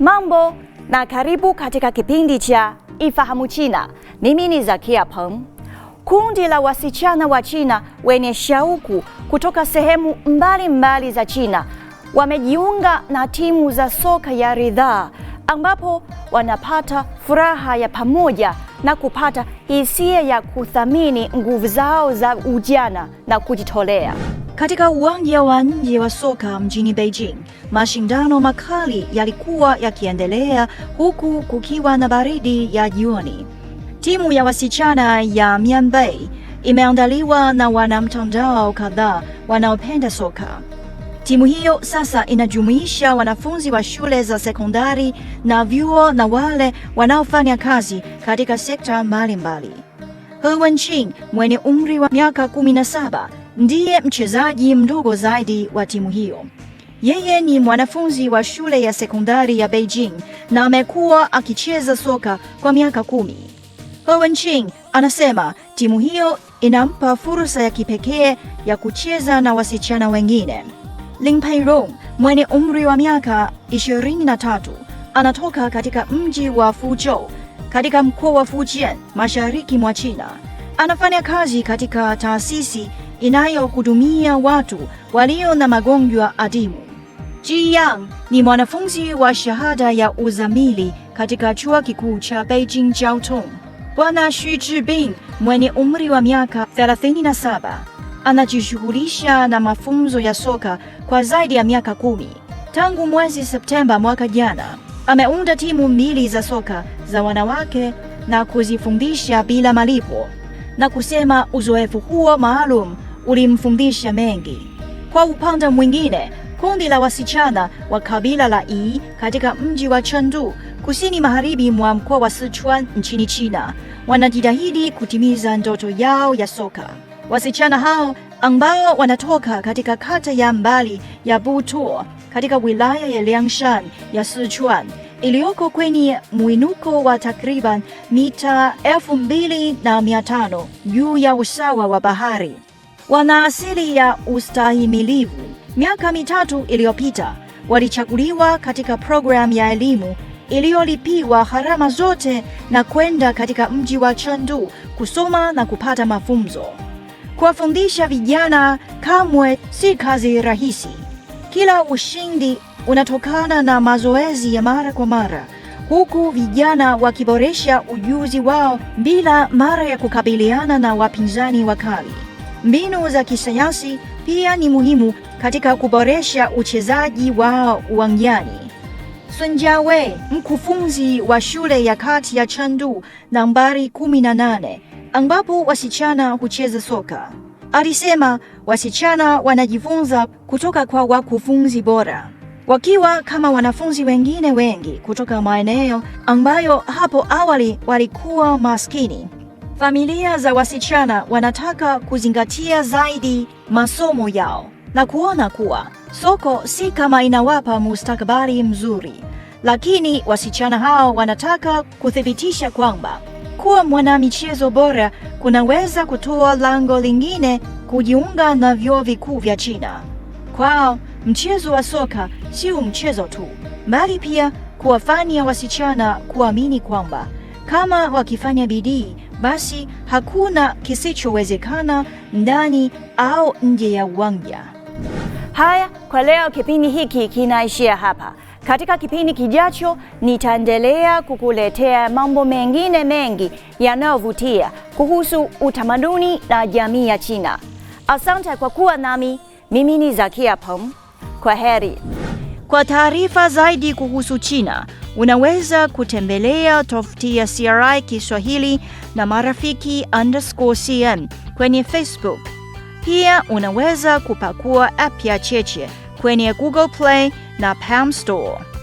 Mambo na karibu katika kipindi cha Ifahamu China. Mimi ni Zakia Peng. Kundi la wasichana wa China wenye shauku kutoka sehemu mbalimbali mbali za China wamejiunga na timu za soka ya ridhaa ambapo wanapata furaha ya pamoja na kupata hisia ya kuthamini nguvu zao za ujana na kujitolea. Katika uwanja wa nje wa soka mjini Beijing, mashindano makali yalikuwa yakiendelea huku kukiwa na baridi ya jioni. Timu ya wasichana ya Mianbei imeandaliwa na wanamtandao kadhaa wanaopenda soka. Timu hiyo sasa inajumuisha wanafunzi wa shule za sekondari na vyuo na wale wanaofanya kazi katika sekta mbalimbali. He Wenqing mwenye umri wa miaka 17 ndiye mchezaji mdogo zaidi wa timu hiyo. Yeye ni mwanafunzi wa shule ya sekondari ya Beijing na amekuwa akicheza soka kwa miaka kumi. He Wenqing anasema timu hiyo inampa fursa ya kipekee ya kucheza na wasichana wengine. Lin Peirong mwenye umri wa miaka 23 anatoka katika mji wa Fuzhou katika mkoa wa Fujian mashariki mwa China. Anafanya kazi katika taasisi inayohudumia watu walio na magonjwa adimu. Ji Yang ni mwanafunzi wa shahada ya uzamili katika chuo kikuu cha Beijing Jiao Tong. Bwana Xu Zhibing mwenye umri wa miaka 37 anajishughulisha na mafunzo ya soka kwa zaidi ya miaka kumi. Tangu mwezi Septemba mwaka jana, ameunda timu mbili za soka za wanawake na kuzifundisha bila malipo na kusema uzoefu huo maalum ulimfundisha mengi. Kwa upande mwingine, kundi la wasichana wa kabila la Yi katika mji wa Chengdu kusini magharibi mwa mkoa wa Sichuan nchini China wanajitahidi kutimiza ndoto yao ya soka. Wasichana hao ambao wanatoka katika kata ya mbali ya Butuo katika wilaya ya Liangshan ya Sichuan iliyoko kwenye mwinuko wa takriban mita elfu mbili na mia tano juu ya usawa wa bahari wana asili ya ustahimilivu. Miaka mitatu iliyopita walichaguliwa katika programu ya elimu iliyolipiwa gharama zote na kwenda katika mji wa Chengdu kusoma na kupata mafunzo. Kuwafundisha vijana kamwe si kazi rahisi. Kila ushindi unatokana na mazoezi ya mara kwa mara, huku vijana wakiboresha ujuzi wao bila mara ya kukabiliana na wapinzani wakali. Mbinu za kisayansi pia ni muhimu katika kuboresha uchezaji wa uwanjani. Sun Jiawe, mkufunzi wa shule ya kati ya Chandu nambari 18 ambapo wasichana hucheza soka, alisema wasichana wanajifunza kutoka kwa wakufunzi bora wakiwa kama wanafunzi wengine wengi kutoka maeneo ambayo hapo awali walikuwa maskini familia za wasichana wanataka kuzingatia zaidi masomo yao na kuona kuwa soko si kama inawapa mustakabali mzuri, lakini wasichana hao wanataka kuthibitisha kwamba kuwa mwanamichezo bora kunaweza kutoa lango lingine kujiunga na vyuo vikuu vya China. Kwao mchezo wa soka sio mchezo tu, bali pia kuwafanya wasichana kuamini kwamba kama wakifanya bidii, basi hakuna kisichowezekana ndani au nje ya uwanja. Haya, kwa leo kipindi hiki kinaishia hapa. Katika kipindi kijacho nitaendelea kukuletea mambo mengine mengi yanayovutia kuhusu utamaduni na jamii ya China. Asante kwa kuwa nami. Mimi ni Zakia Pom. Kwa heri. Kwa taarifa zaidi kuhusu China Unaweza kutembelea tofuti ya CRI Kiswahili na marafiki underscore cn kwenye Facebook. Pia unaweza kupakua app ya Cheche kwenye Google Play na Palm Store.